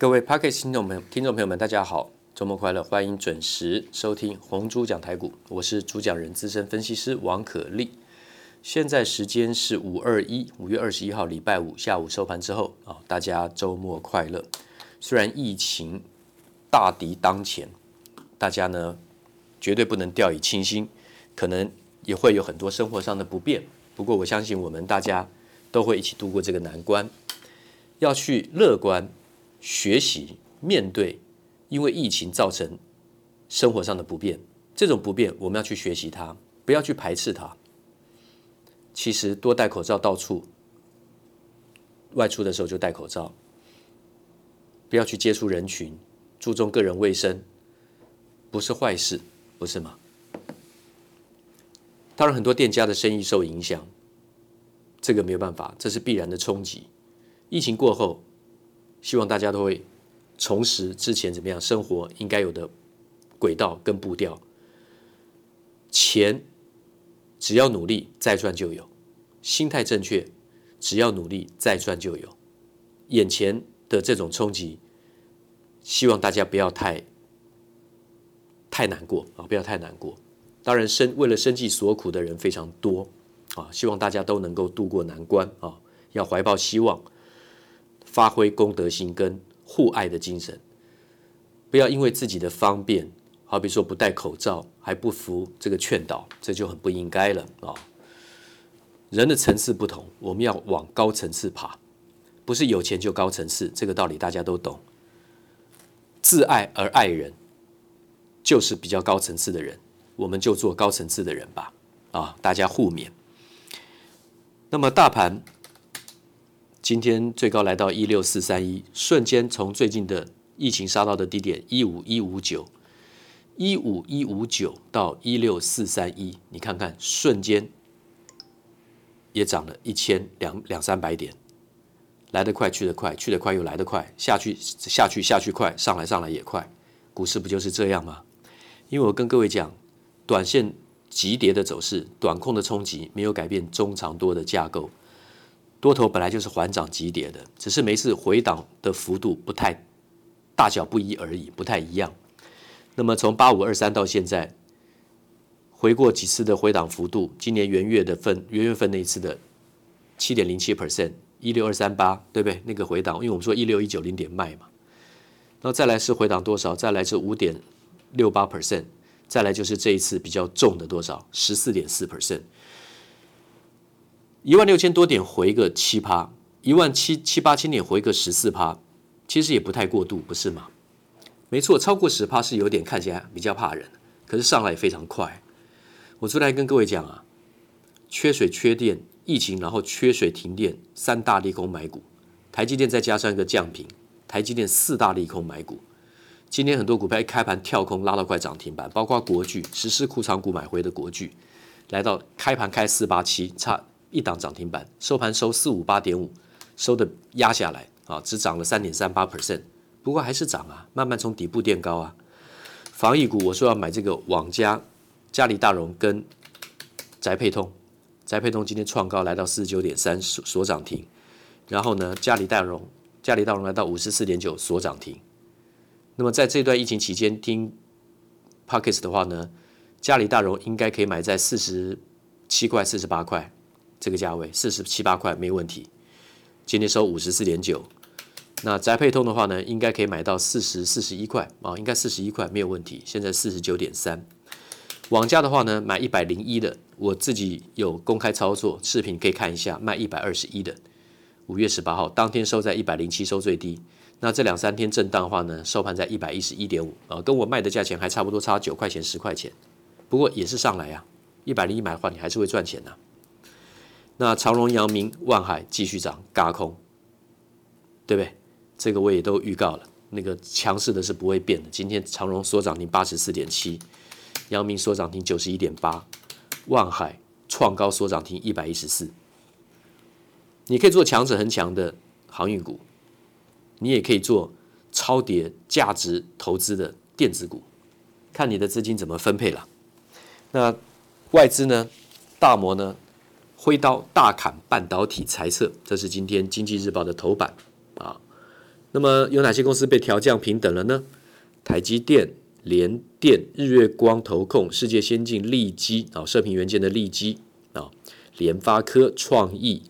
各位 Podcast 聽眾朋友聽眾朋友們，大家好，周末快樂！歡迎準時收聽紅豬講台股，我是主講人資深分析師王可立。現在時間是五二一五月二十一號禮拜五下午收盤之後啊、哦，大家周末快樂。雖然疫情大敵當前，大家呢絕對不能掉以輕心，可能也會有很多生活上的不便，不過我相信我們大家都會一起度過這個難關，要去樂觀。學習面對，因為疫情造成生活上的不便，這種不便我們要去學習它，不要去排斥它。其實多戴口罩，到處外出的時候就戴口罩，不要去接觸人群，注重個人衛生，不是壞事，不是嗎？當然，很多店家的生意受影響，這個沒有辦法，這是必然的衝擊。疫情過後。希望大家都會重拾之前怎麼樣生活應該有的軌道跟步調。錢只要努力再賺就有，心態正確，只要努力再賺就有。眼前的這種衝擊，希望大家不要太太難過啊，不要太難過。當然生為了生計所苦的人非常多啊，希望大家都能夠度過難關啊，要懷抱希望。發揮公德心跟互愛的精神，不要因為自己的方便，好比說不戴口罩，還不服這個勸導，這就很不應該了啊、哦！人的層次不同，我們要往高層次爬，不是有錢就高層次，這個道理大家都懂。自愛而愛人，就是比較高層次的人，我們就做高層次的人吧。啊，大家互勉。那麼大盤。今天最高來到一六四三一，瞬間從最近的疫情殺到的低點一五一五九，一五一五九到一六四三一，你看看，瞬間也漲了一千兩兩三百點，來得快去得快，去得快又來得快，下去下去下去快，上來上來也快，股市不就是這樣嗎？因為我跟各位講，短線急跌的走勢，短空的衝擊沒有改變中長多的架構。多頭本來就是緩漲急跌的，只是每次回檔的幅度不太，大小不一而已，不太一樣。那麼從八五二三到現在回過幾次的回檔幅度，今年元月的份元月份那一次的七點零七 percent，一六二三八對不對？那個回檔，因為我們說一六一九零點賣嘛，那再來是回檔多少？再來是五點六八 percent，再來就是這一次比較重的多少？十四點四 percent。一萬六千多點回個七趴，一萬七七八千點回個十四趴，其實也不太過度，不是嗎？沒錯，超過十趴是有點看起來比較怕人，可是上來也非常快。我出來跟各位講啊，缺水、缺電、疫情，然後缺水停電三大利空買股，台積電再加上一個降頻，台積電四大利空買股。今天很多股票一開盤跳空拉到快漲停板，包括國巨實施庫藏股買回的國巨，來到開盤開四八七差，一檔漲停板收盤收四五八點五，收的壓下來啊，只漲了三點三八 percent，不過還是漲啊，慢慢從底部墊高啊。防疫股我說要買這個網家嘉里大榮跟宅配通，宅配通今天創高來到四十九點三所漲停，然後呢嘉里大榮嘉里大榮來到五十四點九所漲停。那麼在這段疫情期間聽 Podcast 的話呢，嘉里大榮應該可以買在四十七塊四十八塊。這個價位四十七八塊沒問題。今天收五十四點九，那宅配通的話呢，應該可以買到四十四十一塊啊，應該四十一塊沒有問題。現在四十九點三，網家的話呢，買一百零一的，我自己有公開操作視頻可以看一下。賣一百二十一的，五月十八號當天收在一百零七，收最低。那這兩三天震盪的話呢，收盤在一百一十一點五啊，跟我賣的價錢還差不多，差九塊錢十塊錢。不過也是上來呀，一百零一買的話，你還是會賺錢的、啊。那長榮、陽明、萬海繼續漲，軋空，對不對？這個我也都預告了。那個強勢的是不會變的。今天長榮鎖漲停八十四點七，陽明鎖漲停九十一點八，萬海創高鎖漲停一百一十四。你可以做強者恆強的航運股，你也可以做超跌價值投資的電子股，看你的資金怎麼分配了。那外資呢？大摩呢？揮刀大砍半導體財測，這是今天經濟日報的頭版啊。那麼有哪些公司被調降評等了呢？台積電、聯電、日月光、投控、世界先進、立積啊射頻元件的立積啊、聯發科、創意，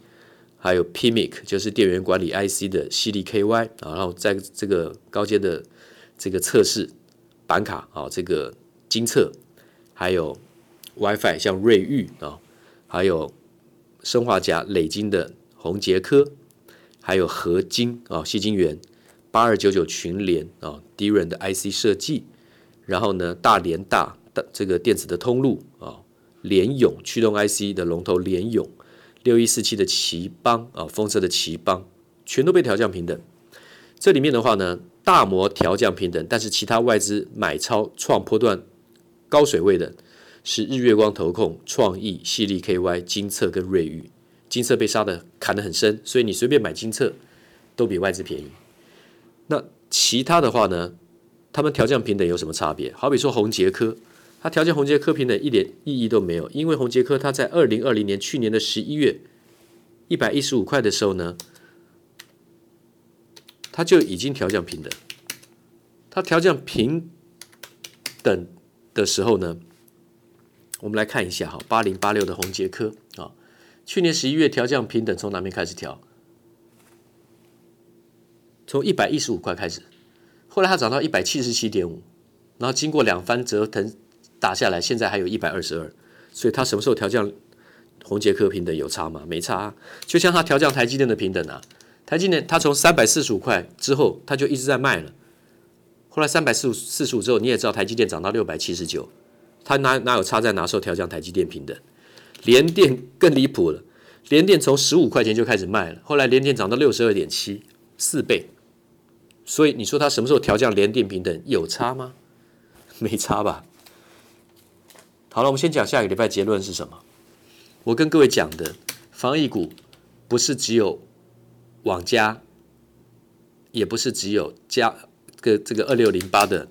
還有 PMIC 就是電源管理 IC 的矽力 KY 啊。然後在這個高階的這個測試板卡啊，這個精測，還有 WiFi 像瑞昱啊，還有。砷化鎵、磊晶的宏捷科，還有合晶啊、矽、哦、晶圓、八二九九群聯啊、哦、DRAM 的 IC 設計，然後呢，大聯大的這個電子的通路啊、哦，聯詠驅動 IC 的龍頭聯詠，六一四七的頎邦啊，封、哦、測的頎邦，全都被調降評等。這裡面的話呢，大摩調降評等，但是其他外資買超創波段高水位的。是日月光投控、創意、犀利 KY 金、金策跟瑞昱，金策被殺的砍的很深，所以你隨便買金策都比外資便宜。那其他的話呢，他們調降評等有什麼差別？好比說宏捷科，他調降宏捷科評等一點意義都沒有，因為宏捷科它在二零二零年去年的十一月一百一十五塊的時候呢，它就已經調降評等。它調降評等的時候呢？我們來看一下哈，八零八六的宏捷科啊，哦，去年十一月調降評等，從哪邊開始調？從一百一十五塊開始，後來它漲到一百七十七點五，然後經過兩番折騰打下來，現在還有一百二十二，所以它什麼時候調降宏捷科評等有差嗎？沒差。啊，就像它調降台積電的評等啊，台積電它從三百四十五塊之後，它就一直在賣了，後來三百四十五之後，你也知道台積電漲到六百七十九。他哪哪有差，在哪時候調降台積電評等？聯電更離譜了，聯電從十五塊錢就開始賣了，後來聯電漲到六十二點七，四倍。所以你說他什麼時候調降聯電評等？有差嗎？沒差吧？好了，我們先講下一個禮拜結論是什麼？我跟各位講的防疫股不是只有網家，也不是只有加個這個二六零八的。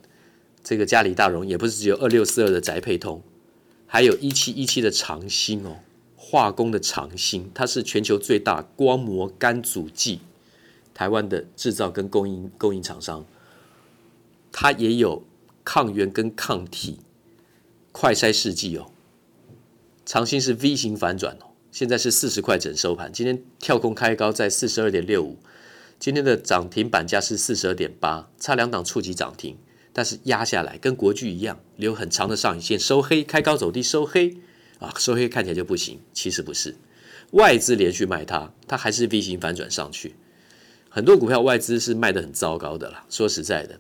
這個嘉里大榮也不是只有二六四二的宅配通，還有一七一七的長興哦，化工的長興，它是全球最大光膜乾阻劑，台灣的制造跟供應供應廠商，它也有抗原跟抗體快篩試劑哦。長興是 V 型反轉哦，現在是四十塊整收盤，今天跳空開高在四十二點六五，今天的漲停板價是四十二點八，差兩檔觸及漲停。但是壓下來跟國巨一樣，留很長的上影線收黑，開高走低收黑，啊，收黑看起來就不行，其實不是，外資連續賣它，它還是 V 型反轉上去。很多股票外資是賣得很糟糕的啦，說實在的，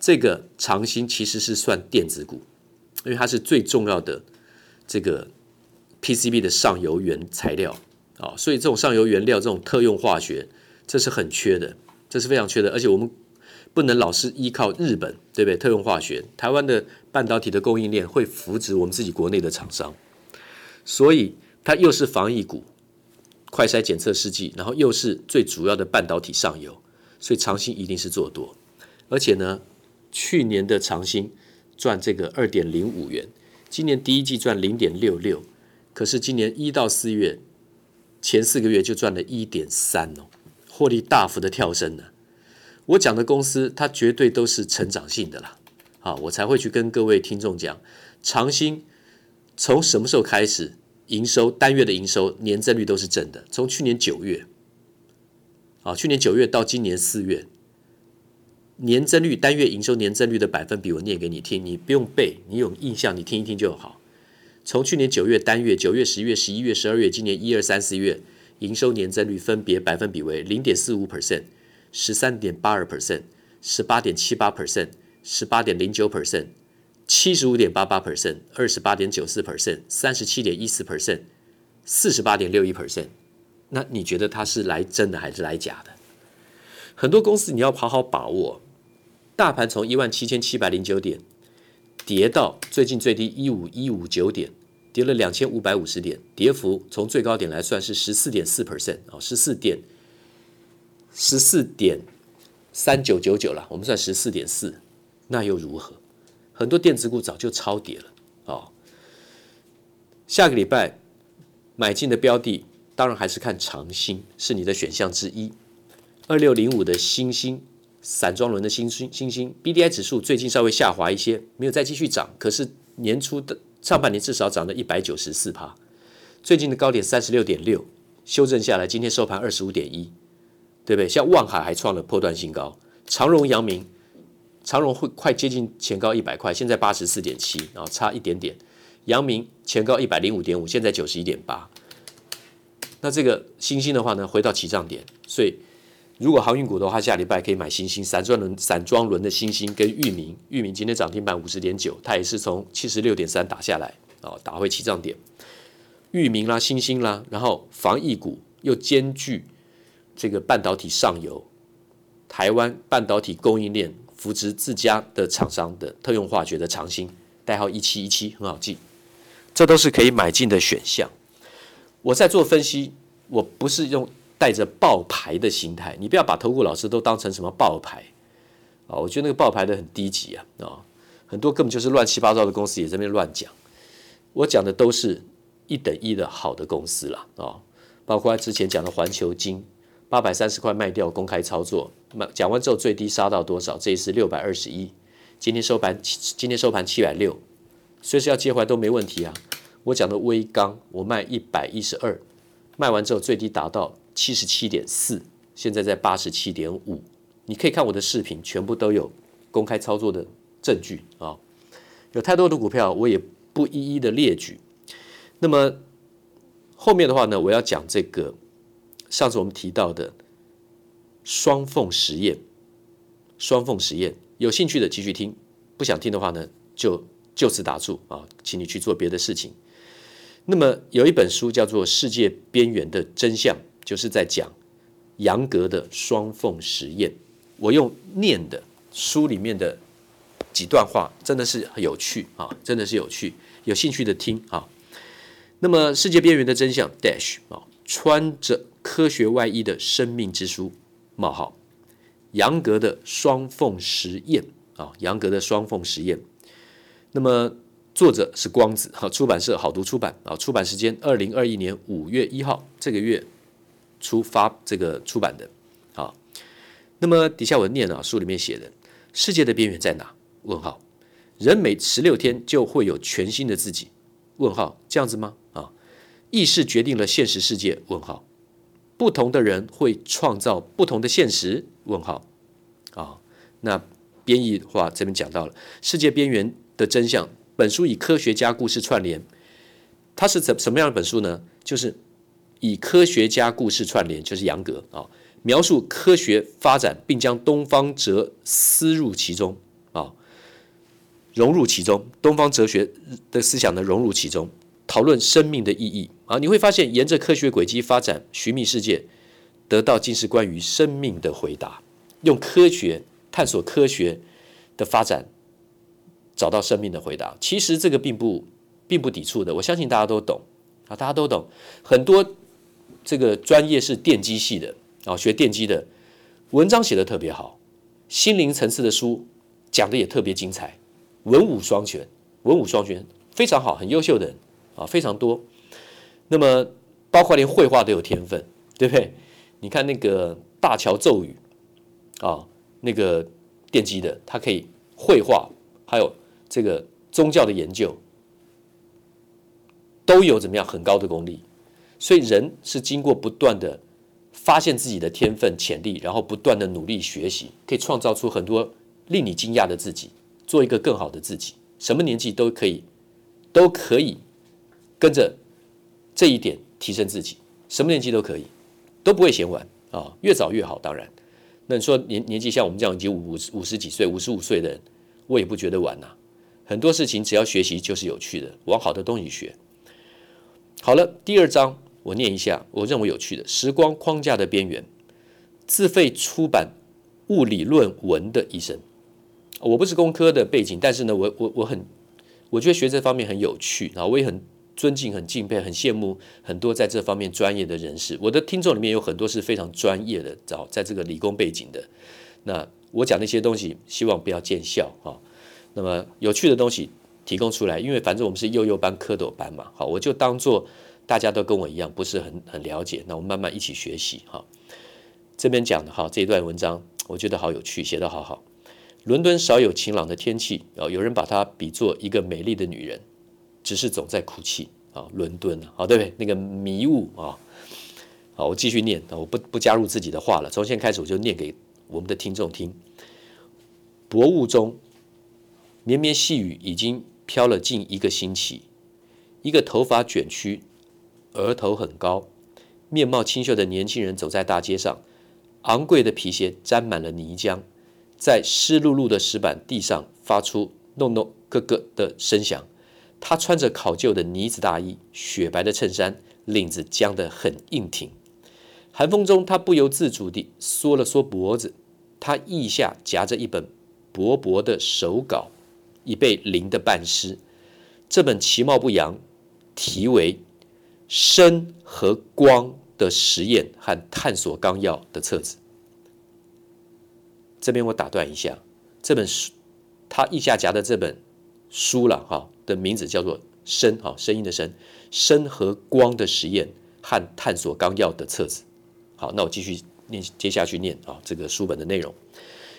這個長興其實是算電子股，因為它是最重要的這個 PCB 的上游原材料啊，所以這種上游原料，這種特用化學，這是很缺的，這是非常缺的，而且我們。不能老是依靠日本，對不對？特用化學，台灣的半導體的供應鏈會扶植我們自己國內的廠商，所以它又是防疫股，快篩檢測試劑，然後又是最主要的半導體上游，所以長興一定是做多。而且呢，去年的長興賺這個二點零五元，今年第一季賺零點六六，可是今年一到四月，前四個月就賺了一點三哦，獲利大幅的跳升呢、啊。我講的公司，它絕對都是成長性的啦，啊，我才會去跟各位聽眾講，長興從什麼時候開始營收單月的營收年增率都是正的，從去年九月，啊，去年九月到今年四月，年增率單月營收年增率的百分比，我念給你聽，你不用背，你有印象，你聽一聽就好。從去年九月單月，九月、十月、十一月、十二月，今年一二三四月營收年增率分別百分比為零點四五 percent。十三點八二 percent，十八點七八 percent，十八點零九 percent，七十五點八八 percent，二十八點九四 percent，三十七點一四 percent，四十八點六一 percent。那你覺得它是來真的還是來假的？很多公司你要好好把握。大盤從一萬七千七百零九點跌到最近最低一五一五九點，跌了兩千五百五十點，跌幅從最高點來算是十四點四 percent 啊，十四點。十四點三九九九了，我們算十四點四，那又如何？很多電子股早就超跌了哦。下個禮拜買進的標的，當然還是看長興，是你的選項之一。二六零五的新興，散裝輪的新興，新興 B D I 指數最近稍微下滑一些，沒有再繼續漲。可是年初的上半年至少漲了一百九十四趴。最近的高點三十六點六，修正下來，今天收盤二十五點一。對不對？像萬海還創了波段新高，長榮、陽明，長榮會快接近前高一百塊，現在八十四點七，差一點點；陽明前高一百零五點五，現在九十一點八。那這個新興的話呢，回到起漲點。所以，如果航運股的話，下禮拜可以買新興、散裝輪、散裝輪的新興跟裕民。裕民今天漲停板五十點九，它也是從七十六點三打下來，哦，打回起漲點。裕民啦，新興啦，然後防疫股又兼具。這個半導體上游，台灣半導體供應鏈扶植自家的廠商的特用化學的長興，代號一七一七，很好記，這都是可以買進的選項。我在做分析，我不是用帶着報牌的心態，你不要把投顧老師都當成什麼報牌啊、哦！我覺得那個報牌的很低級啊，啊、哦，很多根本就是亂七八糟的公司也在那邊亂講。我講的都是一等一的好的公司啦。啊、哦，包括之前講的環球晶。八百三十塊賣掉，公開操作。賣講完之後，最低殺到多少？這一次六百二十一。今天收盤，今天收盤七百六，隨時要接回來都沒問題啊。我講的威剛，我賣一百一十二，賣完之後最低達到七十七點四，現在在八十七點五。你可以看我的視頻，全部都有公開操作的證據啊、哦。有太多的股票，我也不一一的列舉。那麼後面的話呢，我要講這個。上次我們提到的雙縫實驗，雙縫實驗，有興趣的繼續聽，不想聽的話呢，就就此打住啊，請你去做別的事情。那麼有一本書叫做《世界邊緣的真相》，就是在講楊格的雙縫實驗。我用念的書裡面的幾段話，啊、真的是很有趣啊，真的是有趣，有興趣的聽啊。那麼《世界邊緣的真相》dash 啊，穿着。科學外衣的生命之書，冒號，楊格的雙縫實驗啊，楊格的雙縫實驗。那麼作者是光子啊，出版社好讀出版啊，出版時間二零二一年五月一號，這個月出發這個出版的啊。那麼底下我念啊，書裡面寫的：世界的邊緣在哪？問號。人每十六天就會有全新的自己？問號，這樣子嗎？啊，意識決定了現實世界？問號。不同的人會創造不同的現實。問號啊、哦？那編譯的話這邊講到了世界邊緣的真相。本書以科學家故事串聯，它是怎什麼樣的本書呢？就是以科學家故事串聯，就是楊格啊、哦，描述科學發展，並將東方哲思入其中啊、哦，融入其中，東方哲學的思想呢融入其中，討論生命的意義。啊，你會發現，沿着科學軌跡發展，尋覓世界，得到竟是關於生命的回答。用科學探索科學的發展，找到生命的回答。其實這個並不並不抵觸的，我相信大家都懂啊，大家都懂。很多這個專業是電機系的啊，學電機的文章寫得特別好，心靈層次的書講得也特別精彩，文武雙全，文武雙全非常好，很優秀的人啊，非常多。那麼，包括連繪畫都有天分，對不對？你看那個大橋咒語啊，那個電機的，他可以繪畫，還有這個宗教的研究，都有怎麼樣很高的功力。所以人是經過不斷的發現自己的天分潛力，然後不斷的努力學習，可以創造出很多令你驚訝的自己，做一個更好的自己。什麼年紀都可以，都可以跟着。這一點提升自己，什麼年紀都可以，都不會嫌晚啊，越早越好。當然，那你說年年紀像我們這樣已經五五十幾歲、五十五歲的人，我也不覺得晚吶、啊。很多事情只要學習就是有趣的，往好的東西學。好了，第二章我念一下，我認為有趣的時光框架的邊緣，自費出版物理論文的一生。我不是工科的背景，但是呢，我我我很，我覺得學這方面很有趣啊，我也很。尊敬、很敬佩、很羨慕很多在這方面專業的人士。我的聽眾裡面有很多是非常專業的，在這個理工背景的。那我講那些東西，希望不要見笑啊。那麼有趣的東西提供出來，因為反正我們是幼幼班、蝌蚪班嘛，好，我就當做大家都跟我一樣，不是很很了解。那我們慢慢一起學習哈。這邊講的哈，這一段文章我覺得好有趣，寫得好好。倫敦少有晴朗的天氣啊，有人把它比作一個美麗的女人。只是總在哭泣啊！倫敦啊，對不對？那個迷霧啊，好，我繼續念，啊，我不不加入自己的話了。從現在開始，我就念給我們的聽眾聽。薄霧中，綿綿細雨已經飄了近一個星期。一個頭髮捲曲、額頭很高、面貌清秀的年輕人走在大街上，昂貴的皮鞋沾滿了泥漿，在濕漉漉的石板地上發出“咯咯”“咯咯咯”的聲響。他穿着考究的呢子大衣，雪白的襯衫，領子僵得很硬挺。寒風中，他不由自主地縮了縮脖子。他腋下夾着一本薄薄的手稿，已被淋得半濕。這本其貌不揚，題為《聲和光的實驗和探索綱要》的冊子。這邊我打斷一下，這本書，他腋下夾的這本書了，哈、哦。的名字叫做聲，好、哦、聲音的聲，聲和光的實驗和探索綱要的冊子，好，那我繼續念，接下去念啊、哦，這個書本的內容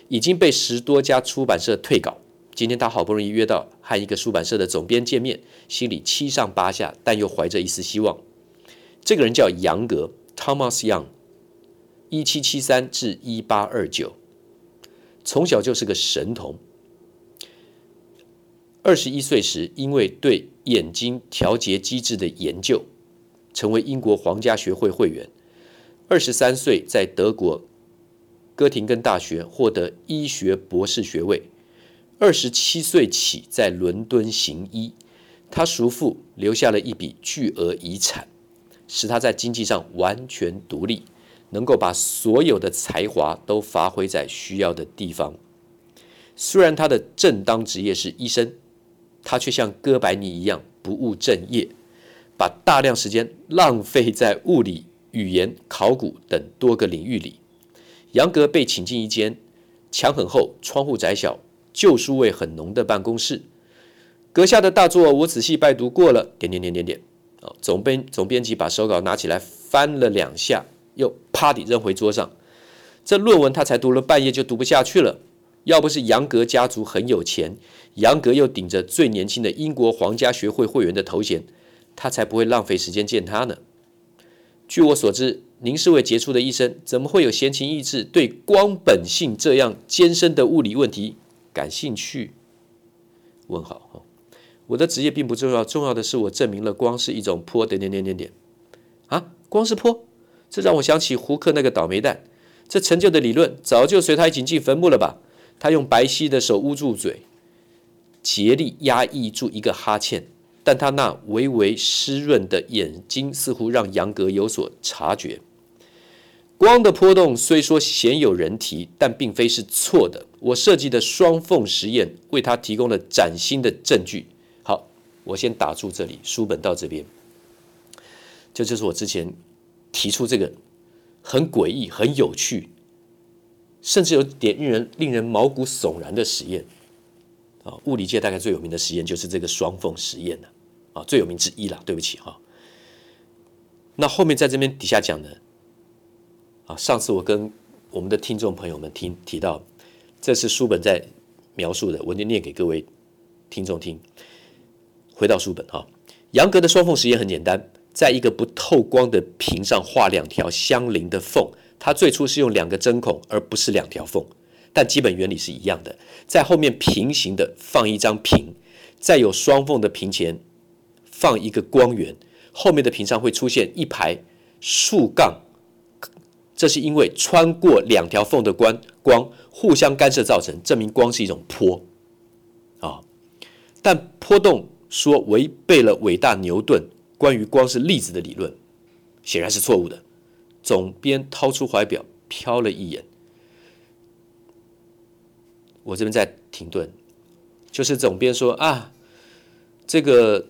已經被十多家出版社退稿，今天他好不容易約到和一個出版社的總編見面，心裡七上八下，但又懷着一絲希望。這個人叫楊格，Thomas Young，一七七三至一八二九，29，從小就是個神童。二十一歲時，因為對眼睛調節機制的研究，成為英國皇家學會會員。二十三歲在德國哥廷根大學獲得醫學博士學位。二十七歲起在倫敦行醫。他叔父留下了一筆巨額遺產，使他在經濟上完全獨立，能夠把所有的才華都發揮在需要的地方。雖然他的正當職業是醫生。他卻像哥白尼一樣不務正業，把大量時間浪費在物理、語言、考古等多個領域裡。楊格被請進一間牆很厚、窗戶窄小、舊書味很濃的辦公室。閣下的大作我仔細拜讀過了，點點點點點。總編總編輯把手稿拿起來翻了兩下，又啪地扔回桌上。這論文他才讀了半頁就讀不下去了。要不是楊格家族很有錢，楊格又頂着最年輕的英國皇家學會會員的頭銜，他才不會浪費時間見他呢。據我所知，您是位傑出的醫生，怎麼會有閒情逸致對光本性這樣艱深的物理問題感興趣？問號。我的職業並不重要，重要的是我證明了光是一種波。點點點點點啊，光是波？這讓我想起胡克那個倒霉蛋，這陳舊的理論早就隨他一起進墳墓了吧？他用白皙的手捂住嘴，竭力壓抑住一個哈欠，但他那微微濕潤的眼睛似乎讓楊格有所察覺。光的波動雖說鮮有人提，但並非是錯的。我設計的雙縫實驗為他提供了嶄新的證據。好，我先打住這裡。書本到這邊，這就,就是我之前提出這個很詭異、很有趣。甚至有點令人令人毛骨悚然的實驗，啊，物理界大概最有名的實驗就是這個雙縫實驗了，啊，啊，最有名之一了。對不起哈、啊。那後面在這邊底下講的，啊，上次我跟我們的聽眾朋友們聽提到，這是書本在描述的，我就念給各位聽眾聽。回到書本哈，楊格的雙縫實驗很簡單，在一個不透光的屏上畫兩條相鄰的縫。它最初是用兩個針孔，而不是兩條縫，但基本原理是一樣的。在後面平行的放一張屏，在有雙縫的屏前放一個光源，後面的屏上會出現一排豎槓，這是因為穿過兩條縫的光光互相干涉造成，證明光是一種波啊。但波動說違背了偉大牛頓關於光是粒子的理論，顯然是錯誤的。總編掏出懷錶，瞟了一眼。我這邊在停頓，就是總編說啊，這個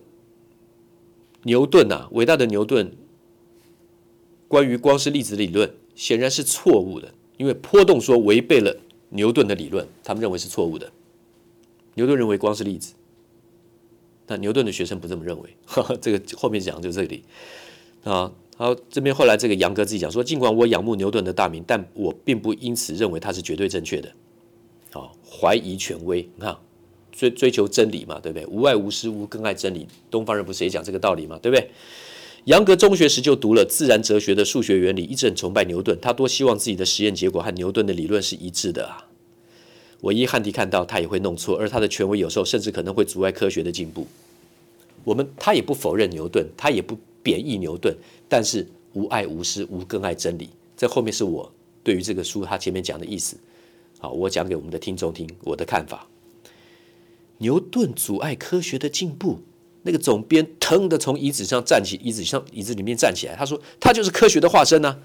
牛頓吶，偉大的牛頓，關於光是粒子理論顯然是錯誤的，因為波動說違背了牛頓的理論，他們認為是錯誤的。牛頓認為光是粒子，但牛頓的學生不這麼認為。哈哈，這個後面講就是這裡啊。好，這邊後來這個楊格自己講說，儘管我仰慕牛頓的大名，但我並不因此認為他是絕對正確的。好、哦，懷疑權威，你、嗯、看，追追求真理嘛，對不對？吾愛吾師，吾更愛真理，東方人不是也講這個道理嘛，對不對？楊格中學時就讀了《自然哲學的數學原理》，一直很崇拜牛頓，他多希望自己的實驗結果和牛頓的理論是一致的啊。唯一漢迪看到他也會弄錯，而他的權威有時候甚至可能會阻礙科學的進步。我們他也不否認牛頓，他也不。貶義牛頓，但是吾愛吾師，吾更愛真理。這後面是我對於這個書他前面講的意思，好，我講給我們的聽眾聽我的看法。牛頓阻礙科學的進步，那個總編騰地從椅子上站起，椅子上椅子裡面站起來，他說他就是科學的化身呢、啊。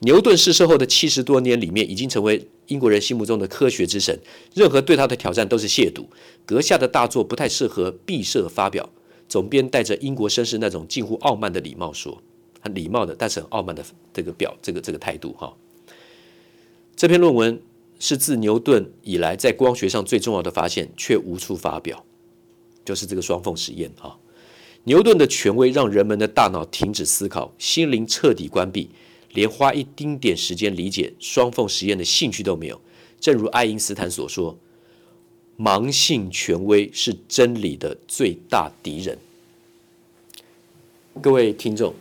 牛頓逝世後的七十多年裡面，已經成為英國人心目中的科學之神，任何對他的挑戰都是褻瀆。閣下的大作不太適合敝社發表。總編帶着英國紳士那種近乎傲慢的禮貌說：“很禮貌的，但是很傲慢的這個表，這個這個態度哈。這篇論文是自牛頓以來在光學上最重要的發現，卻無處發表，就是這個雙縫實驗啊。牛頓的權威讓人們的大腦停止思考，心靈徹底關閉，連花一丁點時間理解雙縫實驗的興趣都沒有。正如愛因斯坦所說。”盲信權威是真理的最大敵人。各位聽眾，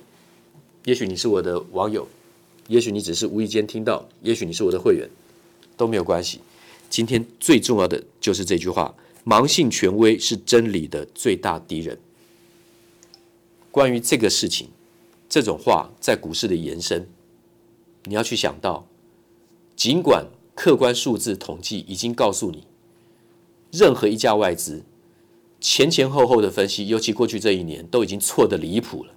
也許你是我的網友，也許你只是無意間聽到，也許你是我的會員，都沒有關係。今天最重要的就是這句話：盲信權威是真理的最大敵人。關於這個事情，這種話在股市的延伸，你要去想到，儘管客觀數字統計已經告訴你。任何一家外資前前後後的分析，尤其過去這一年，都已經錯得離譜了。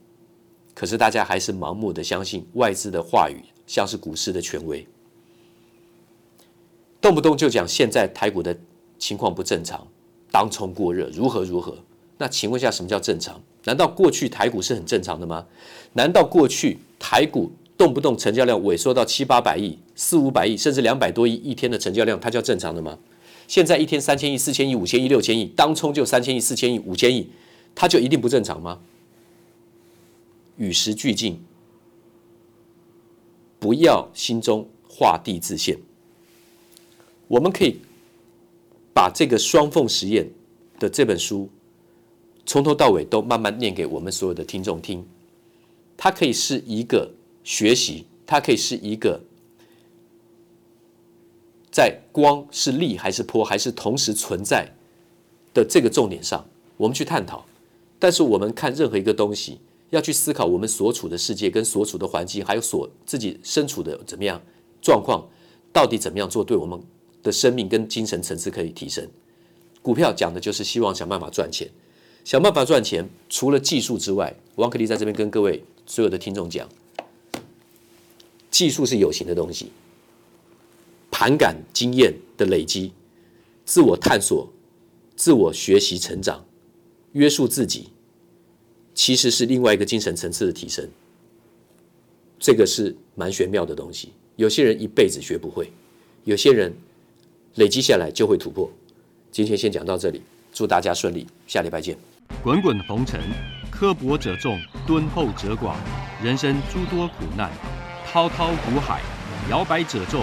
可是大家還是盲目的相信外資的話語，像是股市的權威，動不動就講現在台股的情況不正常，當衝過熱，如何如何，那請問一下，什麼叫正常？難道過去台股是很正常的嗎？難道過去台股動不動成交量萎縮到七八百億、四五百億，甚至兩百多億一天的成交量，它叫正常的嗎？現在一天三千億、四千億、五千億、六千億，當沖就三千億、四千億、五千億，它就一定不正常嗎？與時俱進，不要心中畫地自限。我們可以把這個雙縫實驗的這本書從頭到尾都慢慢念給我們所有的聽眾聽，它可以是一個學習，它可以是一個。在光是力還是波還是同時存在的這個重點上，我們去探討。但是我們看任何一個東西，要去思考我們所處的世界跟所處的環境，還有所自己身處的怎麼樣狀況，到底怎麼樣做，對我們的生命跟精神層次可以提升。股票講的就是希望想辦法賺錢，想辦法賺錢，除了技術之外，王可立在這邊跟各位所有的聽眾講，技術是有形的東西。談感經驗的累積，自我探索，自我學習成長，約束自己，其實是另外一個精神層次的提升。這個是蠻玄妙的東西。有些人一輩子學不會，有些人累積下來就會突破。今天先講到這裡，祝大家順利，下禮拜見。滾滾紅塵，刻薄者眾，敦厚者寡，人生諸多苦難，滔滔苦海，搖擺者眾。